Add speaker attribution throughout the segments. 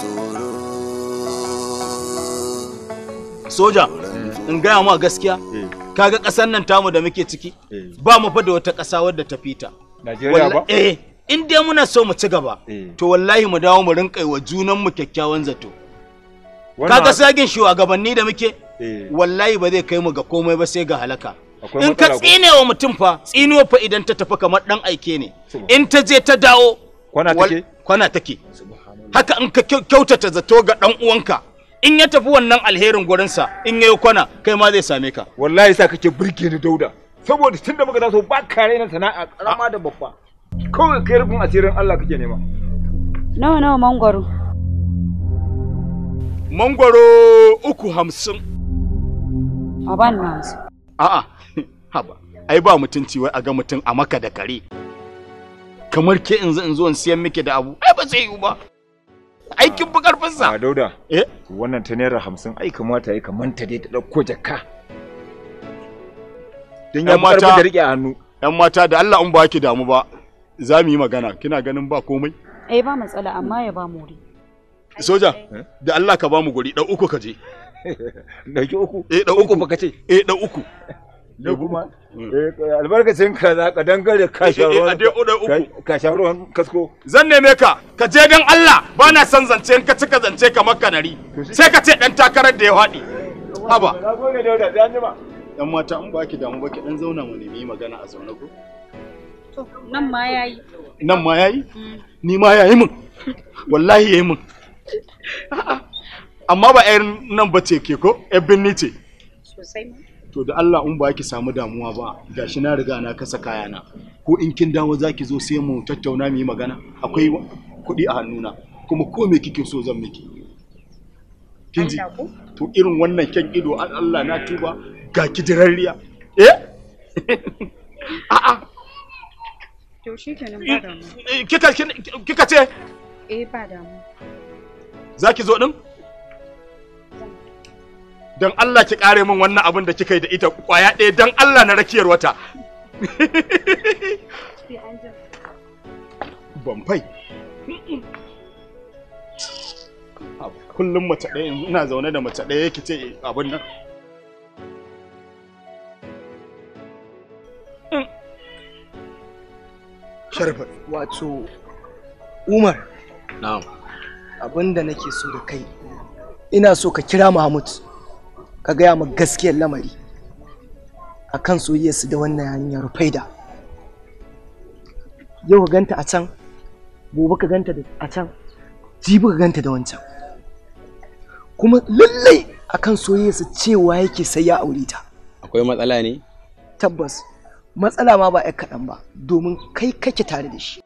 Speaker 1: tsoro soja in gaya ma gaskiya eh. kaga ƙasar nan tamu da muke ciki eh. ba mu fa da wata kasa wadda ta fita
Speaker 2: Najeriya ba eh
Speaker 1: in dai muna so mu ci gaba eh. to wallahi mu dawo mu rinƙa wa junan mu kyakkyawan zato kaga sagin shugabanni da muke wallahi ba zai kai mu ga komai ba sai ga halaka in ka tsine wa mutum fa tsinuwa fa idan ta tafi kamar dan aike ne in ta je ta dawo kwana take kwana take haka in ka kyautata zato ga dan uwanka in ya tafi wannan alherin gurinsa in yayi kwana kai ma zai same ka wallahi sa kake burge ni dauda saboda da muka taso ba kare na sana'a karama da babba kawai kai rufin asirin Allah kake nema
Speaker 2: nawa nawa mangwaro
Speaker 1: mangwaro uku hamsin a ban hamsin a'a haba ai ba mutunci wai a ga mutum a maka da kare kamar ke in zo in siyan miki da abu ai ba zai yiwu ba aikin fi karfin A dauda. Eh? Wannan ta naira hamsin ai kamata ya kamanta dai ta ɗauko jaka. Don ya mata da riƙe hannu. ‘Yan mata da Allah in ba ki damu ba za mu yi magana kina ganin ba komai?
Speaker 2: Eh ba matsala amma ya ba muri.
Speaker 1: Soja eh? da Allah ka ba mu guri ɗau uku ka je. Ɗauki uku? Eh ɗau uku. Uku ba ka ce? Eh ɗau uku. ne kuma eh, albarkacin ka za ka dangare ka sharuwan eh, eh, ka sharuwan kasko zan neme ka ka je dan Allah ba na son zance in ka cika zance kamar kanari sai ka ce dan takarar da ya haɗi haba dan mata an ba ki damu ba ki dan zauna mu nemi magana a zaune ko
Speaker 2: nan ma ya yi
Speaker 1: nan ma yayi hmm. ni ma yayi min wallahi yayi min amma ba irin nan bace ke ko ebin ni ce
Speaker 2: sosai
Speaker 1: to da Allah in ba ki samu damuwa ba gashi na riga na kasa kayana ko in kin dawo zaki zo sai mu tattauna mu yi magana akwai kuɗi a hannuna kuma ko me kike so zan miki kin ji to irin wannan kyan ido an Allah na tuba ga ki jirarriya eh
Speaker 2: a'a to shikenan
Speaker 1: ba eh, damu eh, kika kika ce
Speaker 2: eh ba damu
Speaker 1: zaki zo din don Allah ki kare min wannan abin da kika yi da ita kwaya ɗaya don Allah na rakiyar wata bamfai kullum mace ɗaya ina zaune da mace ɗaya yake ce abin nan sharfa wato umar na'am abin da nake so da kai ina so ka kira mahmud ka gaya mu gaskiyar lamari a kan soyayyarsu da wannan hanyar faida yau ka ganta a can gobe ka ganta a can jibi ka ganta da wancan kuma lallai a kan soyayyarsu cewa yake sai ya aure ta akwai matsala ne tabbas matsala ma ba 'yan kaɗan ba domin kai kake tare da shi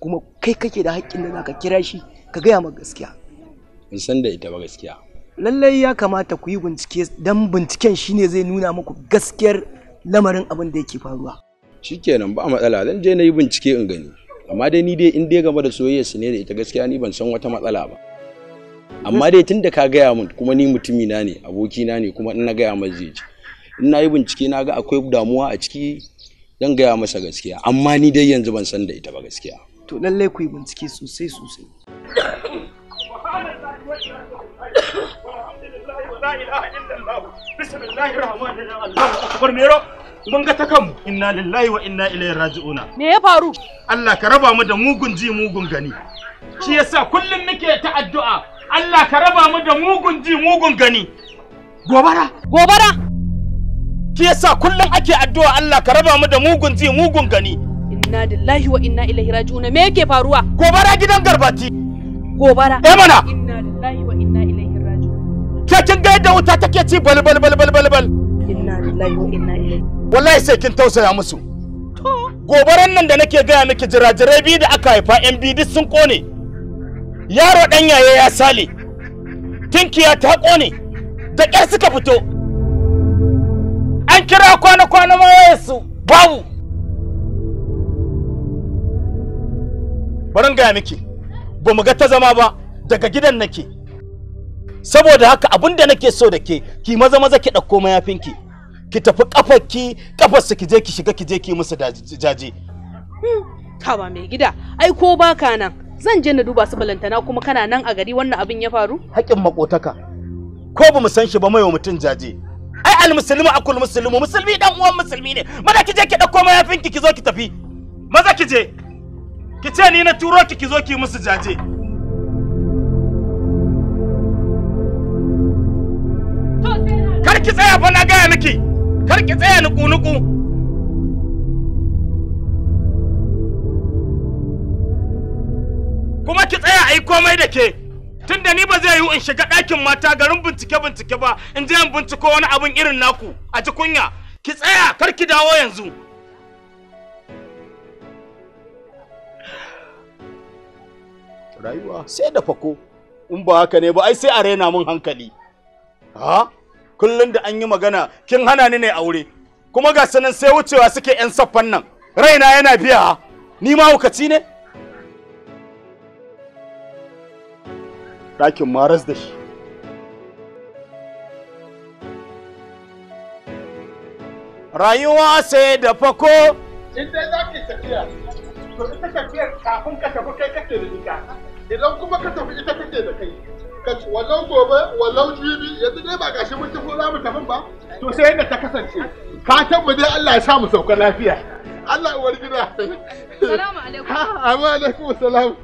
Speaker 1: kuma kai kake da haƙƙin da za ka kira shi ka gaya ma gaskiya ban san da ita ba gaskiya lallai ya kamata ku yi bincike don binciken shine zai nuna muku gaskiyar lamarin abin da yake faruwa shikenan ba matsala zan je na yi bincike in gani amma dai ni dai in dai game da soyayya su ne da ita gaskiya ni ban san wata matsala ba amma dai tun da ka gaya min kuma ni mutumina ne abokina ne kuma in na gaya masa zai ji in na yi bincike na ga akwai damuwa a ciki zan gaya masa gaskiya amma ni dai yanzu ban san da ita ba gaskiya to lallai ku yi bincike sosai sosai la ilaha illallah bismillahir rahmanir rahim Allahu akbar ne mun ga ta kanmu inna lillahi wa inna ilaihi raji'una me ya faru Allah ka raba mu da mugun ji mugun gani shi yasa kullum nake ta addu'a Allah ka raba mu da mugun ji mugun gani gobara gobara shi yasa kullum ake addu'a Allah ka raba mu da mugun ji mugun gani inna lillahi wa inna ilaihi raji'una me yake faruwa gobara gidan garbati gobara eh mana inna lillahi wa inna ilaihi ke kin ga yadda wuta take ci bal bal bal bal bal bal wallahi sai kin tausaya musu gobaran nan da nake gaya miki jirajirai biyu da aka haifa yan biyu duk sun kone yaro dan yaye ya sale tinkiya ta kone da ƙyar suka fito an kira kwana-kwana ma su babu barin gaya miki ba mu ga ta zama ba daga gidan nake saboda haka abin da nake so da ke ki maza maza ki ɗauko mayafin ki tafi kafar ki kafar su ki je ki shiga ki je ki musu jaje
Speaker 2: kawa mai gida ai ko baka nan zan je na duba su balantana kuma kana nan a gari wannan abin ya faru
Speaker 1: haƙin makotaka ko ba mu san shi ba mai mutum jaje ai al muslimu akul muslimu musulmi dan uwan musulmi ne mana ki je ki ɗauko ki ki zo ki tafi maza ki je ki ce ni na turo ki ki zo ki musu jaje ki tsaya fa na gaya miki kar ki tsaya nuku nuku kuma ki tsaya a yi komai da ke tunda ni ba zai yiwu in shiga ɗakin mata garin bincike bincike ba in je in binciko wani abun irin naku a ji kunya ki tsaya kar ki dawo yanzu rayuwa sai da fako in ba haka ne ba ai sai a rena mun hankali ha kullum da an yi magana kin hana ni ne aure kuma ga sanan sai wucewa suke yan saffan nan raina yana biya ni ma hukaci ne ɗakin maras da shi rayuwa sai da fako
Speaker 2: in dai za ki tafiya to ita tafiyar kafin ka tafi kai kake da ita idan kuma ka tafi ita kake da kai wallau gobe wallau jibi yanzu dai ba gashi mun tafi za mu tafi ba to sai yadda ta kasance fatan mu dai Allah ya sa mu sauka lafiya Allah uwar gida salamu alaikum amma alaikum salam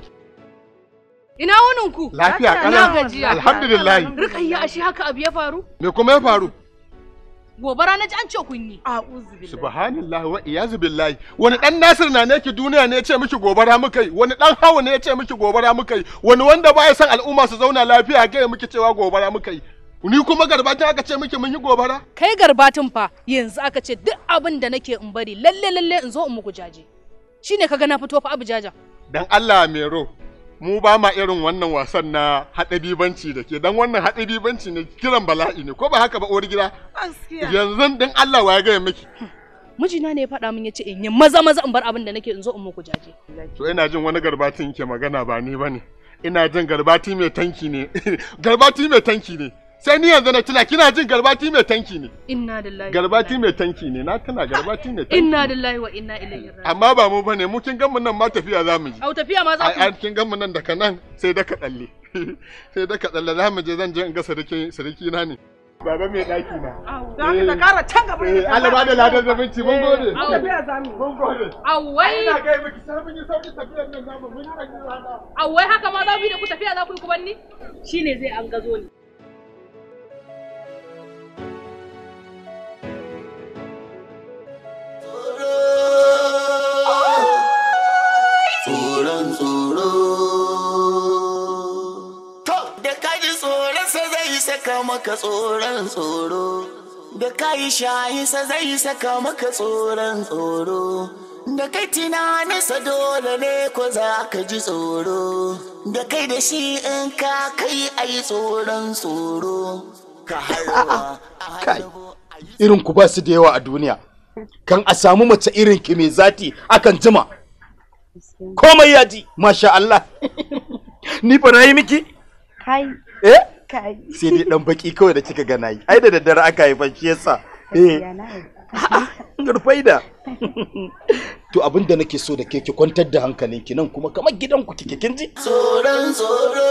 Speaker 2: ina wunin ku lafiya kana alhamdulillah rika yi ashe haka abu ya faru me kuma ya faru gobara na ji an ce kun yi subhanallah wa iyazu billahi wani dan nasir na ne ki duniya ne ya ce miki gobara muka yi wani dan hawa ne ya ce miki gobara muka yi wani wanda baya san al'umma su zauna lafiya ga miki cewa gobara muka yi Ni kuma garbatin aka ce miki mun yi gobara?
Speaker 1: Kai garbatin fa yanzu aka ce duk abin da nake in bari lalle
Speaker 2: lalle in zo in muku jaje. Shine
Speaker 1: kaga na fito fa abu jaja.
Speaker 2: Dan Allah mero mu ba ma irin wannan wasan na haɗe-bibanci da ke dan wannan haɗe-bibanci ne kiran bala'i ne ko ba haka ba uwar gida yanzu din Allah wa ya gaya miki mijina ne ya faɗa min yace in yi maza maza in bar abin da nake in zo in muku jaje to ina jin wani garbatin ke magana ba ni bane ina jin garbati mai tanki ne garbati mai tanki ne sai ni yanzu na tuna kina jin garbati mai tanki ne inna lillahi garbati mai tanki ne na tuna garbati mai tanki inna lillahi wa inna ilaihi raji'un amma ba mu bane mu kin ganmu nan ma tafiya za mu yi au tafiya ma za ku ai kin ganmu nan daga nan sai da ka dalle sai da ka dalle za mu je zan je in ga sarki sarki na ne baba mai daki na za ka kara can gaba ne eh, Allah ba da ladan zabinci mun eh, gode tafiya za mu mun gode wai ina ga miki sai mun yi sauki tafiya nan mu mun yi wai haka ma za mu yi da ku tafiya za ku yi ku banni shine zai an gazo ni
Speaker 1: maka tsoron tsoro da kai shahisa zai saka maka tsoron tsoro da kai tunaninsa dole ne ko za ka ji tsoro da kai da shi in ka kai a yi tsoron tsoro ka irin ku ba su da yawa a duniya kan a samu mace irin ki mai zati akan jima komai ya ji masha Allah ni fara yi miki kai eh
Speaker 2: kai sai
Speaker 1: dai dan baki kawai da kika gana yi ai da daddare aka yi shi yasa eh garfai da to abin da nake so da ke ki kwantar da hankalinki nan kuma kamar gidanku kike kin ji tsoron tsoro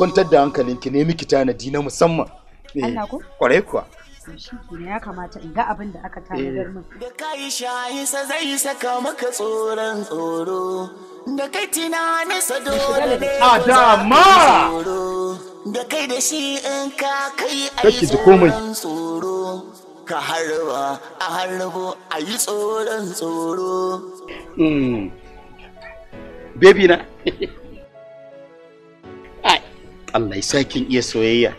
Speaker 1: kwantar da hankalinki ne miki tanadi na musamman eh. Allah ko kuwa
Speaker 2: to shi ya kamata in ga abin da aka
Speaker 1: tanadar min eh. da kai shayi sa zai saka maka tsoron tsoro da kai tina ne sa dole ne adama da kai da shi in ka kai ai tsoro ka harba a harbo ai yi tsoron tsoro hmm. baby na Allah ya sakin iya soyayya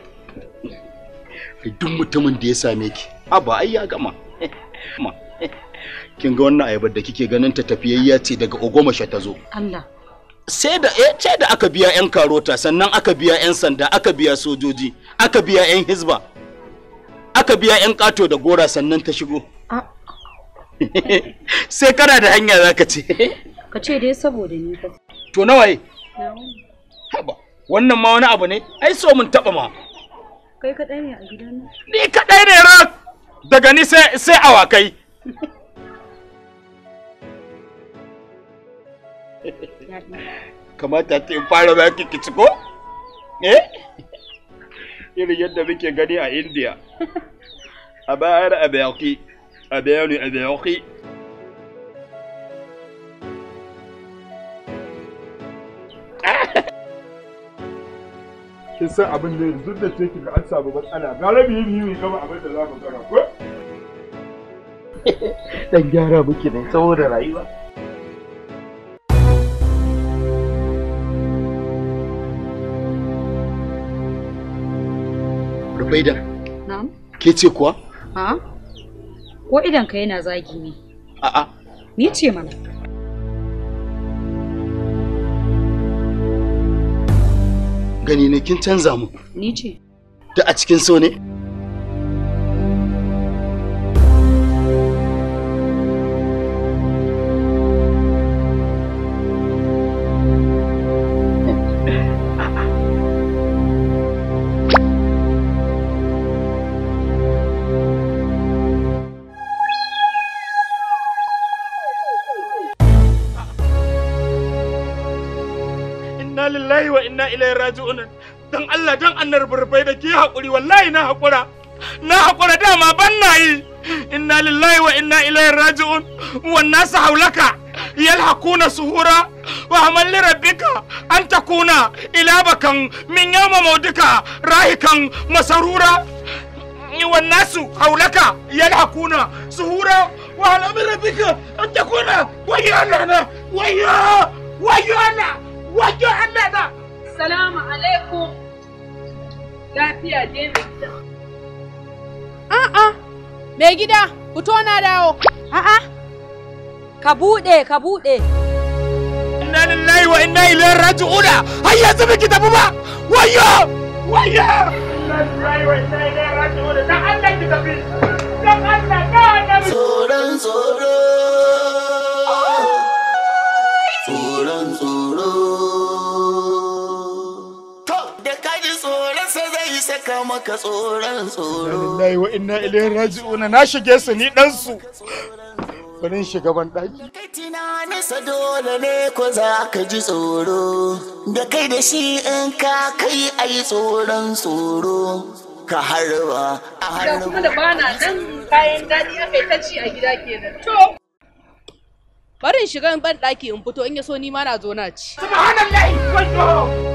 Speaker 1: duk mutumin da ya same ki a ba ai ya gama kin ga wannan ayabar da kike ganin ta tafiyayya ce daga ogomasha ta zo Allah sai da eh ce da aka biya yan karota sannan aka biya yan sanda aka biya sojoji aka biya yan hizba aka biya yan kato da gora sannan ta shigo sai kana da hanya zaka ce ka ce dai saboda ni ka to nawaye haba wannan ma wani abu ne ai so mun taba ma
Speaker 2: Kai ne a gidan
Speaker 1: Ni kaɗai ne ran Daga ni sai awakai. Kamata ta in fara ba ki kici ko? Eh? Irin yadda muke gani a India. A bayar a bayaki, a bayani a bayaki.
Speaker 2: kin san abin da duk da take ga an samu matsala ga rabi yi biyu kama abin da za mu gara ko
Speaker 1: dan gyara muke ne saboda rayuwa Rubaida. Na'am. Ke ce kuwa?
Speaker 2: Ha? Ko idan ka yana zagi ne? A'a. Ni ce mana.
Speaker 1: gani ne kin canza mu ni ce da a cikin so ne lillahi wa inna ilaihi raji'un dan Allah dan annar burbai da ke haƙuri wallahi na hakura na haƙura dama ban na yi inna lillahi wa inna ilaihi raji'un wannan su haulaka yalhaquna suhura wa hamal li rabbika an takuna ila bakan min yawma maudika rahikan masarura wannan su haulaka yalhaquna suhura wa hamal li rabbika an takuna wayyo Allah wayyo wajo Allah da
Speaker 2: salamu alaikum
Speaker 1: lafiya je mai gida a'a mai gida fito na dawo a'a ka buɗe, ka bude inna lillahi wa inna ilaihi raji'un har yanzu biki tafi ba wayo wayo inna lillahi wa inna ilaihi raji'un dan Allah ki tafi dan Allah ka da tsoron tsoron saka maka tsoron tsoro lillahi wa inna ilaihi raji'una na shige su ni dan su barin shugaban ɗaki. Tina nisa dole ne ko za ka ji tsoro, da kai da shi in ka kai a yi tsoron tsoro. Ka harba
Speaker 2: a harba. Da kuma da bana nan kayan daɗi aka yi ta ci a gida kenan. To. Barin shigan ban ɗaki in fito in ya so ni ma na zo na ci. Subhanallahi wal